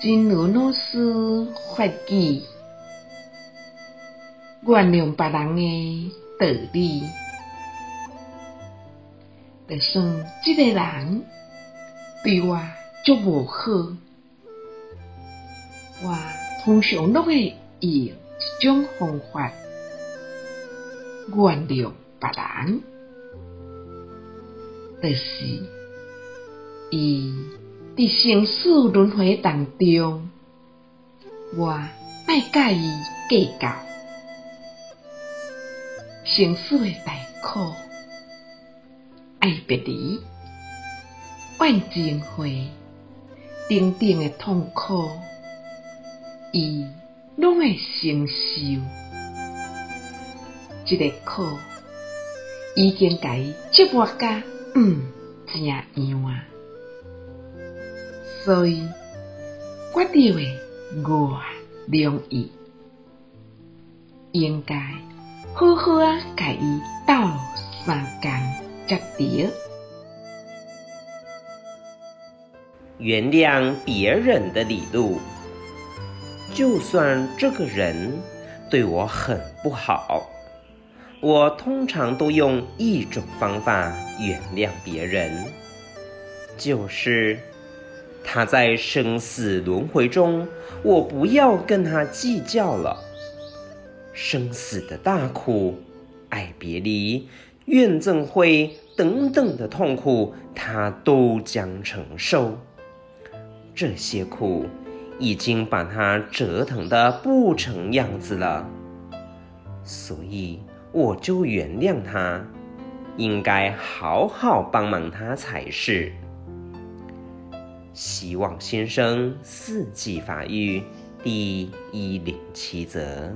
真如老師法語原諒別人的道理，就算這個人對我足無好。我通常都會以一種方法原諒別人，就是，伊。佇生死輪迴當中，我愛甲伊計較生死的大苦，愛別離、怨憎會、定定的痛苦，伊攏會承受。即、這個苦已經甲伊折磨甲毋成樣啊。嗯所以，我覺着我容易，應該好好改一到善感，這點原諒別人的理路，就算這個人對我很不好，我通常都用一種方法原諒別人，就是。他在生死輪迴中，我不要跟他計較了。生死的大苦、愛別離、怨憎會等等的痛苦，他都將承受。這些苦已經把他折騰得不成樣子了，所以我就原諒他，應該好好幫忙他才是。希望新生四季法語第一零七則。